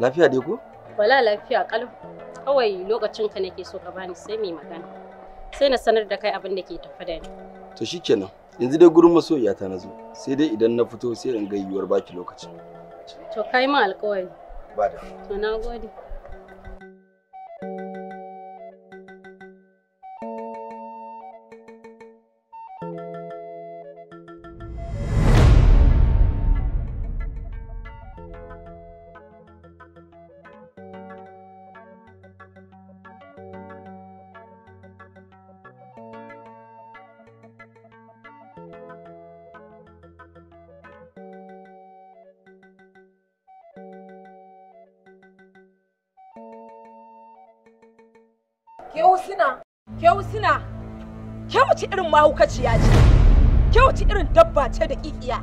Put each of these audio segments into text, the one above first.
Lafiya dai ko? Wala lafiya kalau. Kawai lokacin ka nake so ka bani sai mai magana. Sai na sanar da kai abin da ke tafi da ni. To shikenan. Yanzu dai gurin masoyiya ta na zo. Sai dai idan na fito sai in ga yiwuwar baki lokacin. To kai ma alƙawari. Ba da. To na gode. Ke Husina, ke Husina, ke wace irin mahaukaciya ce? Ke wace irin dabba ce da kikiya?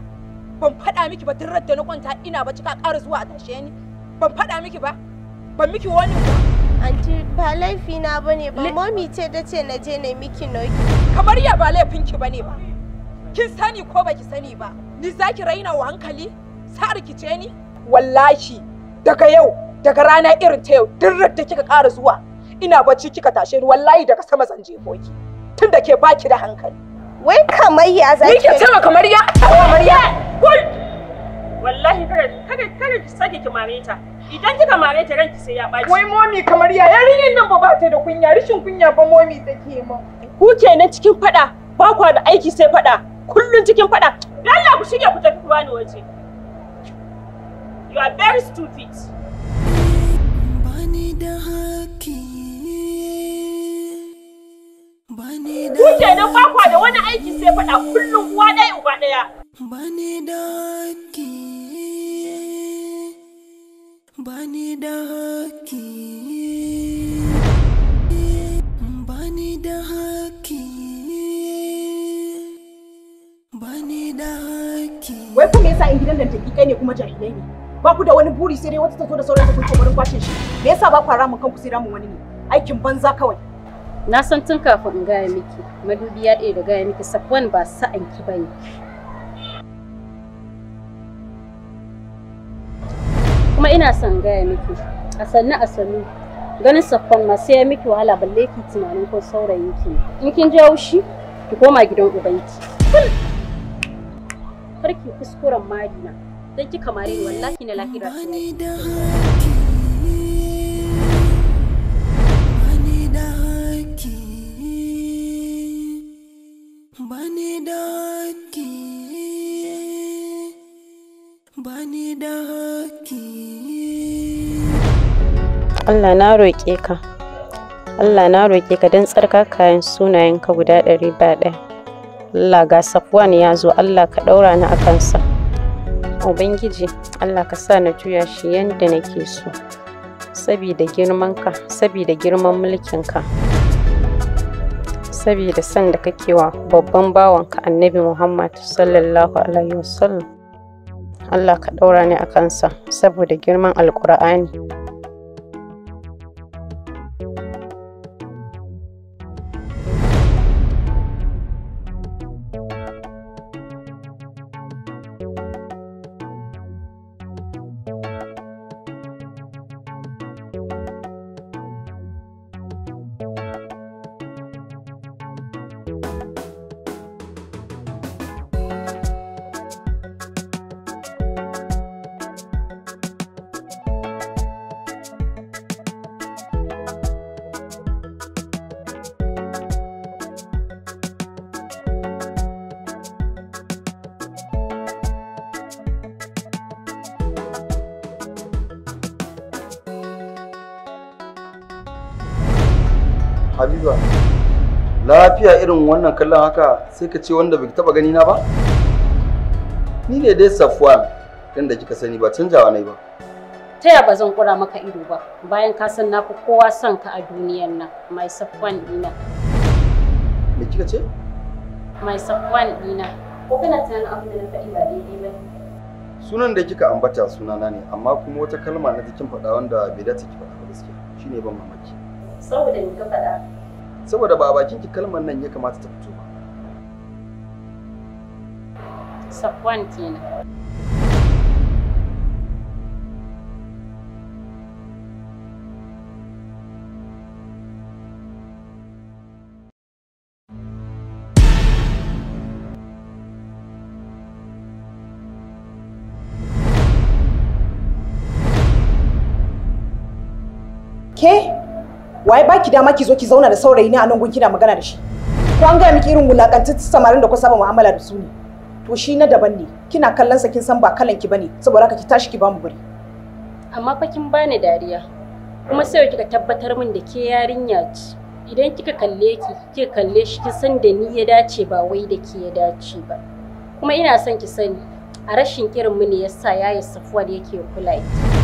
Ban faɗa miki ba tun da na kwanta ina ba cika ƙara zuwa a tashe ni. Ban faɗa miki ba? Ban miki wani ba? Anti ba laifi na bane ba momi ce ta ce na je na miki noki. Kamar ya ba laifin ki bane ba. Kin sani ko baki sani ba. Ni zaki raina wa hankali? Sa rikice ni? Wallahi daga yau daga rana irin ta yau duk da kika ƙara zuwa ina bacci kika tashe ni wallahi daga sama zan je boki da ke baki da hankali wai kamar ya za ki ce kamar ya kamar ya wallahi kada kada kada ki sake ki mareta idan kika mareta ranki sai ya baci wai momi kamar ya yarinyin nan ba ba ta da kunya rishin kunya ba momi take mu ku kenan cikin fada ba kwa da aiki sai fada kullun cikin fada Allah ku shige ku tafi ku bani waje you are very stupid bani da haki Ku kenan ba da wani aiki sai faɗa kullum uwa ɗaya uba ɗaya. Bani da da haƙƙi, bani da da haƙƙi. Wai kuma yasa in gidan da taƙiƙai ne kuma jahilai ne? Ba ku da wani buri sai dai wata ta zo da sauran ta kun ce kwace shi. Me yasa ba ku ramin kanku sai ramin wani ne? Aikin banza kawai. na san tun kafin in gaya miki madubi ya ɗaya da gaya miki sabon ba sa'an ki bane kuma ina son gaya miki a sannu a sannu ganin sabon ma sai ya miki wahala balle ki tunanin ko saurayin ki in kin je shi ki koma gidan ubanki farki kuskuren Magina don kika mare ni wallahi na lahira Allah na roƙe ka Allah na roƙe ka don tsarkakayen sunayenka guda ɗari ba ɗaya Allah ga Safwan ya zo Allah ka ɗaura ni a kansa Ubangiji Allah ka sa na juya shi yadda nake so sabida ka saboda girman ka sabida san da kake wa babban bawanka annabi Muhammad sallallahu alaihi wasallam Allah ka ɗaura ni a kansa saboda girman alƙur'ani Habiba, lafiya irin wannan kallon haka sai ka ce wanda bai taba gani na ba? Ni ne dai Safwan, tun da kika sani ba canjawa ne ba. Ta ya ba zan kura maka ido ba, bayan ka san na fi kowa son ka a duniyar nan, mai Safwan dina. Me kika ce? Mai Safwan dina. Ko kana tunanin abin da na faɗi ba daidai ba? Sunan da kika ambata sunana ne, amma kuma wata kalma na jikin faɗa wanda bai dace ki faɗa ba gaskiya. Shine ban mamaki. Saboda me ka faɗa? Saboda ba bakin ki kalmar nan ya kamata ta fito ba. Safwan kenan. ke waye baki dama ki zo ki zauna da saurayi ne a nan kina magana da shi ko an gaya miki irin ta samarin da ku saba mu'amala da su ne to shi na daban ne kina kallon sa kin san ba kalan ki bane saboda haka ki tashi ki bamu buri amma fa kin bani dariya kuma sai kika tabbatar min da ke yarinya ce idan kika kalle ki kika kalle shi kin san da ni ya dace ba wai da ke ya dace ba kuma ina son ki sani a rashin irin mu ne yasa yayi safuwar yake kula ki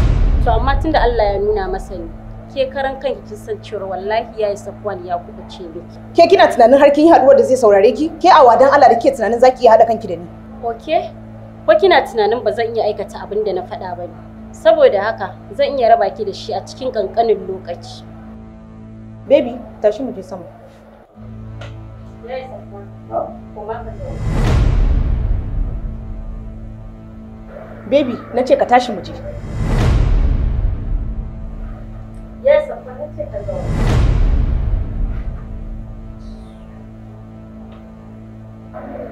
to amma tunda Allah ya nuna masa ni ke karan kanki kin san cewa wallahi yayi Safwan ya kuka ce miki. Ke kina tunanin har kin yi haduwar da zai saurare ki? Ke a wadan Allah da ke tunanin zaki iya hada kanki da ni? Oke. Ko kina tunanin ba zan iya aikata abin da na faɗa ba ne? Saboda haka zan iya raba ki da shi a cikin kankanin lokaci. Baby, tashi mu je sama. Baby, na ce ka tashi mu je. Yes, take a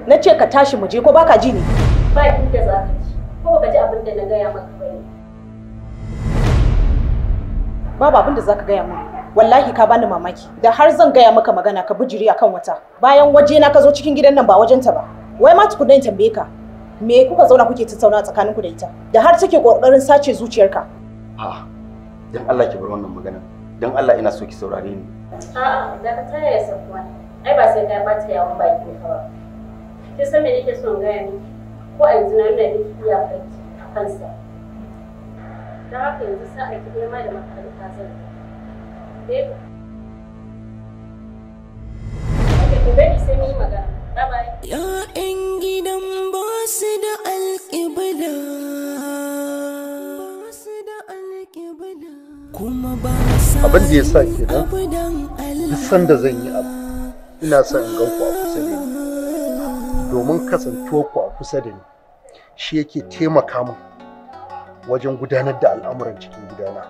Na ce ka tashi muje ko baka ji ni? Ba inda za ka ji. Ko baka ji abin da na gaya maka ba ne. Babu abin da za ka gaya min. Wallahi ka bani mamaki. Da har zan gaya maka magana ka bijiri akan wata. Bayan waje na ka zo cikin gidan nan ba wajenta ba. Wai ma in tambaye ka. Me kuka zauna kuke tattauna tsakaninku da ita? Da har take kokarin sace zuciyarka. A'a. dan Allah ki bar wannan magana dan Allah ina so ki saurare ni a'a da ka tsaya ya sakuwa ai ba sai ka bata yawon baki ka ba ki san me nake son ga ni ko a yanzu nan da nake ya farki a kansa dan haka yanzu sai a ki nema da makaranta zan eh ki sai ya gidan ba su da alƙibla abin da ya sa ke nan duk sanda zan yi abu ina son in gan ku a kusa da ni domin kasantuwa ku a kusa da ni shi yake taimaka min wajen gudanar da al'amuran cikin gudana,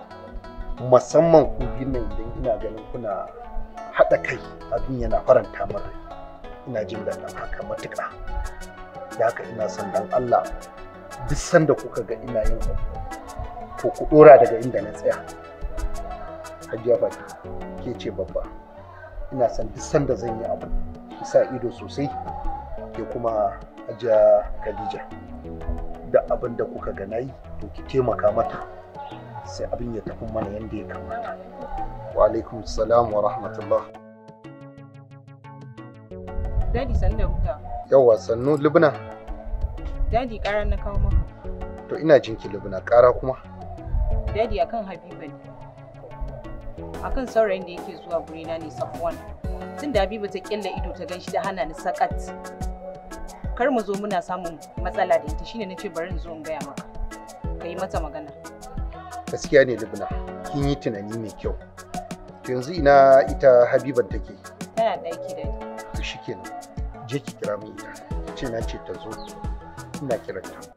musamman ku biyun nan idan ina ganin kuna haɗa kai abin yana faranta min rai ina jin daɗin haka matuƙa da haka ina son dan Allah duk sanda kuka ga ina yin ku, ku ɗora daga inda na tsaya hajiya bata, ke ce babba ina san duk sanda zan yi abu isa ido sosai ke kuma hajiya khadija da abin da kuka ga nayi to ki taimaka mata sai abin ya tafi mana yadda ya kamata wa alaikum salam wa rahmatullah dadi sanda huta yawa sannu libna dadi ƙara na kawo maka to ina jinki libna ƙara kuma dadi akan habiba ne akan saurayin da yake zuwa gurina ne safwan tun da habiba ta kyalla ido ta ganshi da hana ni sakat kar mu zo muna samun matsala da ita shine nace bari in zo in gaya maka ka mata magana gaskiya ne libna kin yi tunani mai kyau yanzu ina ita habiban take tana ɗaki da ita shikenan je ki kira min ita ce na ce ta zo ina kiranta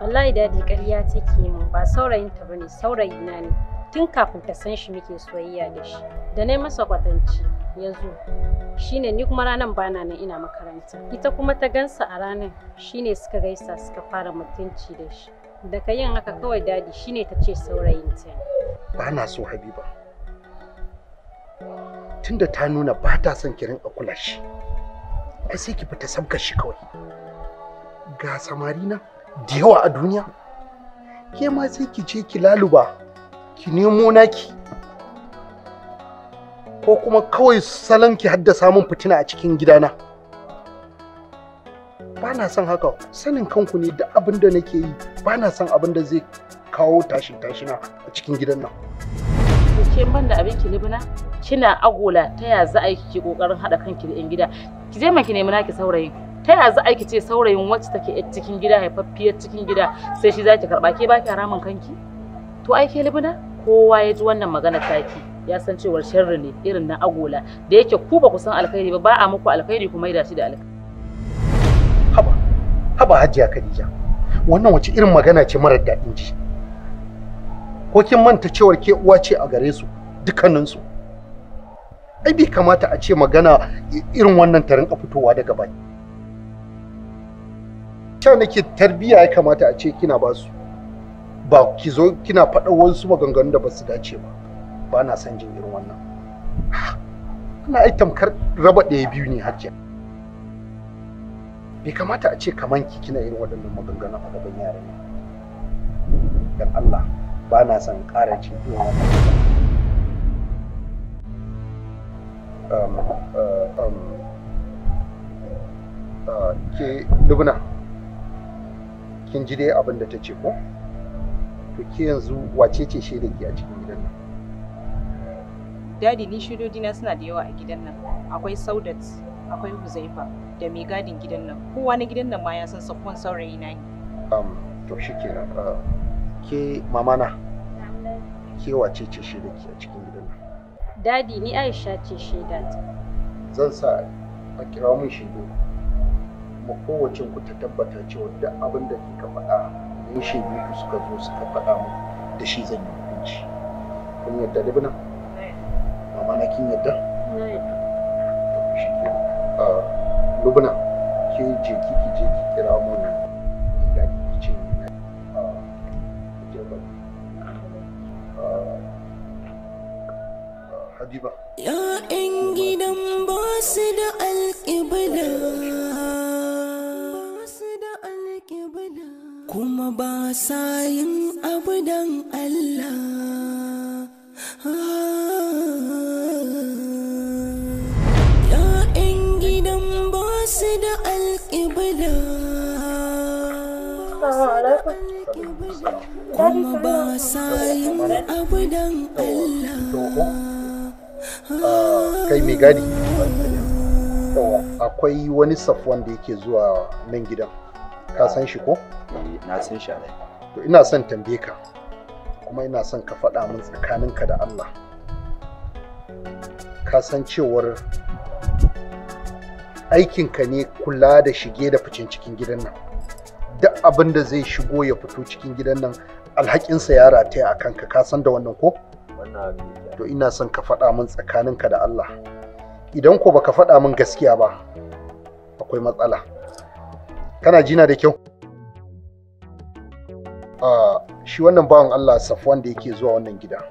wallahi dadi ƙarya take min ba saurayinta bane saurayina ne tun kafin ta san shi muke soyayya da shi da na masa kwatanci ya zo shine ni kuma ranar bana nan ina makaranta ita kuma ta gansa a ranan shine suka gaisa suka fara mutunci da shi daga yin haka kawai dadi shine ta ce saurayinta ba na so habiba tunda ta nuna ba ta son kirin a kula shi ai sai ki fita sabka shi kawai ga samari na da yawa a duniya ke ma sai ki ce ki laluba ki nemo naki ko kuma kawai salon ki haddasa min fitina a cikin gidana ba na son haka sanin kanku ne da abin da nake yi ba na son abin da zai kawo tashin tashina a cikin gidan nan ke ban da abin ki libina kina agola ta ya za a yi ki kokarin hada kanki da yan gida ki je ma ki nemi naki saurayin ta yaya za a ce saurayin wacce take cikin gida haifaffiyar cikin gida sai shi zaki karba ke baki haramun kanki to ai ke libina kowa ya ji wannan magana taki ya san cewar sharri ne irin na agola da yake ku ba ku san alkhairi ba ba a muku alkhairi kuma da shi da alkhairi haba haba hajiya khadija wannan wace irin magana ce marar daɗin ji ko kin manta cewar ke uwa ce a gare su dukkaninsu ai bai kamata a ce magana irin wannan ta rinka fitowa daga baki kyau nake tarbiya ya kamata a ce kina ba su ba ki zo kina faɗa wasu maganganu da ba su dace ba ba na son jin irin wannan ana ai tamkar raba ɗaya biyu ne har bai kamata a ce kaman ki kina irin waɗannan maganganu a gaban yaran ne dan Allah ba na son ƙara cin irin wannan um, uh, um, uh, ke Lubna. kin ji dai abin da ta ce ko to ke yanzu wace ce da ke a cikin gidan nan dadi ni na suna da yawa a gidan nan akwai saudat akwai huzaifa da mai gadin gidan nan kowa na gidan nan ma ya san sakon saurayi na ne um, to shi ah, ke uh, ke mamana ke wace ce da ke a cikin gidan nan dadi ni aisha ce dadi. zan sa a kira mun shaidu kuma kowace ku ta tabbata cewa duk abin da kika faɗa shi ya ku suka zo suka faɗa mu da shi zan yi hukunci kun yadda libna mama na kin yadda ah, lubna ki je ki ki je ki kira mun ga ki ce na ah, ah, Habiba ya 'yan gidan ba su da alƙibla kuma ba sa yin abu don Allah. Ah. ‘Ya'yan gidan ba su da alƙibla. Kuma ba sa yin abu don Allah. Ah, kai mai gadi, akwai wani safwan da yake zuwa nan gidan. ka san shi ko eh, na san shi to ina son tambaye ka kuma ina son ka faɗa min tsakaninka da Allah ka san cewar aikinka ne kula da shige da ficen cikin gidan nan duk abin da zai shigo ya fito cikin gidan nan alhakinsa ya rataya a kanka ka san da wannan ko to ina son ka faɗa min tsakaninka da Allah idan ko baka faɗa min gaskiya ba akwai matsala kana jina da kyau shi wannan bawan Allah Safwan da yake zuwa wannan gida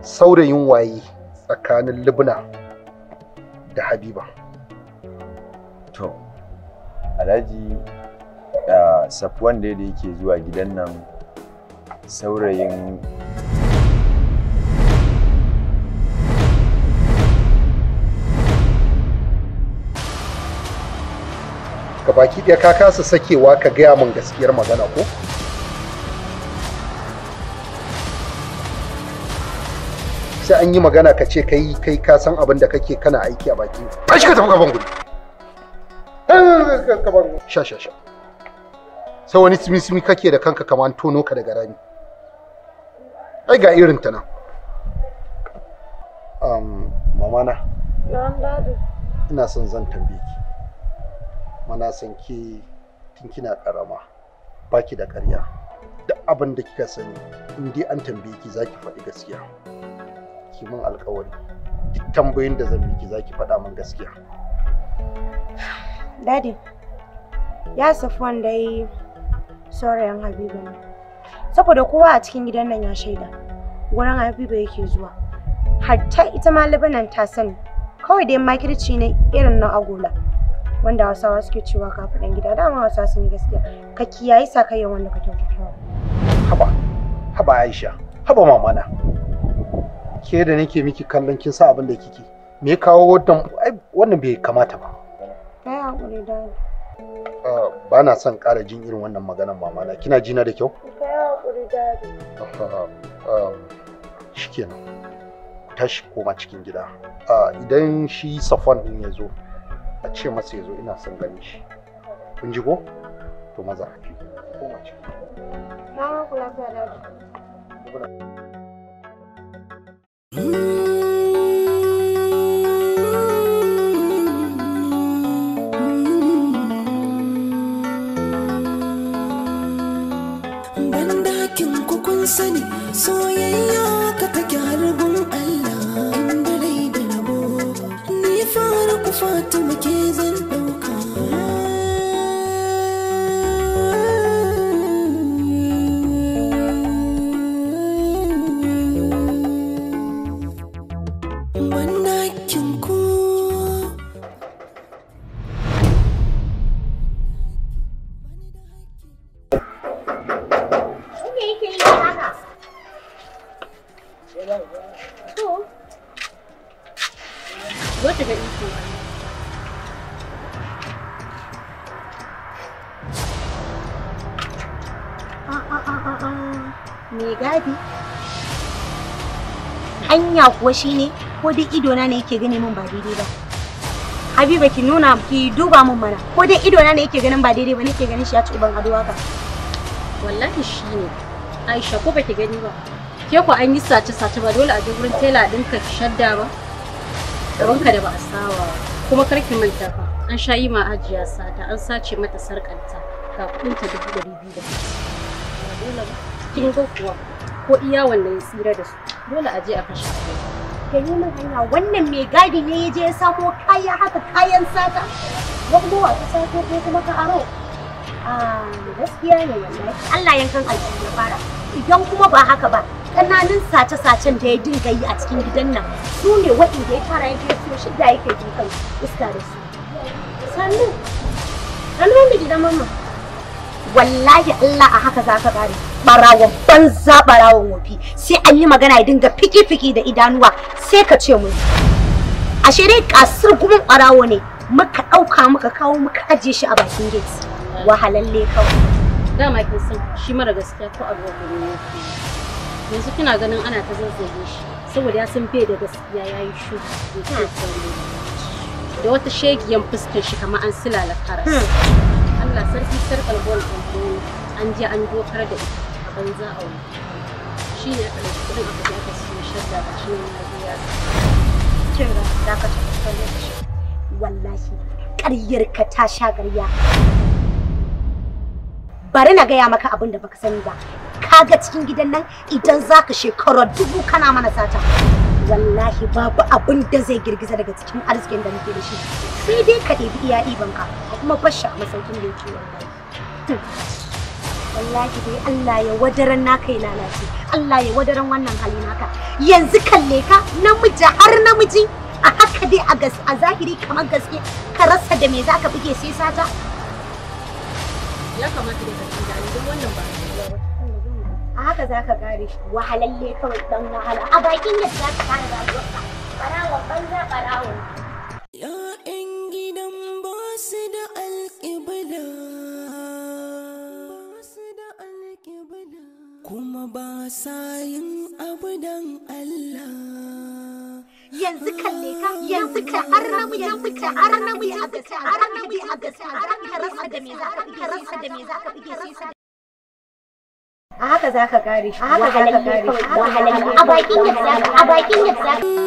saurayin waye tsakanin Libna da Habiba to Alhaji Safwan da yake zuwa gidan nan saurayin baki ɗaya ka kasa sakewa ka gaya min gaskiyar magana ko sai an yi magana ka ce kai kai ka san abin da kake kana aiki a baki tashi ka tafi gaban gudu sha sha sha sai wani simi-simi kake da kanka kamar tono ka daga rami ai ga irin ta nan um, mamana ina son zan tambaye ki mana san ki tun kina karama baki da ƙarya duk abin da kika sani in dai an tambaye ki zaki faɗi gaskiya ki min alƙawari duk tambayoyin da zan miki zaki faɗa min gaskiya dadi ya safwan dai saurayin habiba ne saboda kowa a cikin gidan nan ya shaida wurin habiba yake zuwa hatta ita ma labanan ta sani kawai dai makirci ne irin na agola wanda hausawa suke cewa kafaɗan gida dama hausa sun yi gaskiya ka kiyaye sakayyar wanda ka kyautata haba haba aisha haba mamana ke da nake miki kallon kin sa abin da kike me ya kawo wannan wannan bai kamata ba kai hakuri da ah, ba na son ƙara jin irin wannan maganar mamana kina jina da kyau kai hakuri da tashi koma cikin gida ah, idan shi safon din ya zo a ce masa ya ina son ganin shi kun ji ko to maza a fi ko mace mama kula ta sani soyayya ka ta muke zan ɗauka ku Me gadi hanya kuwa shine ko ido idona ne yake gane min ba daidai ba habiba ki nuna ki duba min mana ko ido idona ne yake ganin ba daidai ba nake ganin shi ya ci uban ado haka wallahi shine aisha ko baki gani ba ke ko an yi sace sace ba dole a je gurin tela ɗinka ki shadda ba gabanka da ba a sawa kuma karki manta fa an sha yi ma ajiya sata an sace mata sarkanta ga ta dubu ɗari biyu da dole ba kin ga kuwa ko iya wanda ya tsira da su dole a je a kashe su yi min hanya wannan mai gadi ne ya je ya samo kaya haka kayan sata wanda wa ta sato ko kuma ka aro a ah, gaskiya ne wallahi Allah yankan alƙi ya fara idan kuma ba haka ba kananun sace-sacen da ya dinga yi a cikin gidan nan su ne waɗanda ya fara yake so shi da yake dukan iska da su sannu an ruwan da gidan mamma wallahi Allah a haka za ka bari barawon banza barawon wofi sai an yi magana ya dinga fiki-fiki da idanuwa sai ka ce mun a dai kasir gumin barawo ne muka ɗauka muka kawo muka ajiye shi a bakin gate wahalalle kawai dama kin san shi mara gaskiya ko a ruwan gumi yanzu kina ganin ana ta zazzage shi saboda ya san bai da gaskiya ya yi shu hmm. da wata shegiyan fuskar shi kamar an silala karas hmm. Allah sarki sarkar gol an je an dokar da ita banza ka ta bari na gaya maka abin da baka sani ba kaga cikin gidan nan idan zaka shekara dubu kana mana sata wallahi babu abin da zai girgiza daga cikin arzikin da muke da shi sai dai ka ɗebi iya ɗiban ka kuma bashi a masaukin da yake wallahi wallahi dai Allah ya wadaran na kai lalace Allah ya wadaran wannan hali naka yanzu kalle ka namiji har namiji a haka dai a gas a zahiri kamar gaske ka rasa da me zaka buge sai sata ya kamata da ka tunani duk wannan ba a haka zaka gare wahalalle kawai dan wahala a bakin yadda zaka fara rayuwarka barawa banza barawa ya gidan ba su da alƙibla sayin abu dan Allah. Yanzu kalle ka yanzu ka har namiji ka har a gaske har har ka rasa da me za ka ka rasa da me za ka A haka za ka kare shi, a a bakin yadda za ka, a bakin yadda za ka.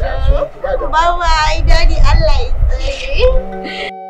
Aku bawa Aida di alai. Okay.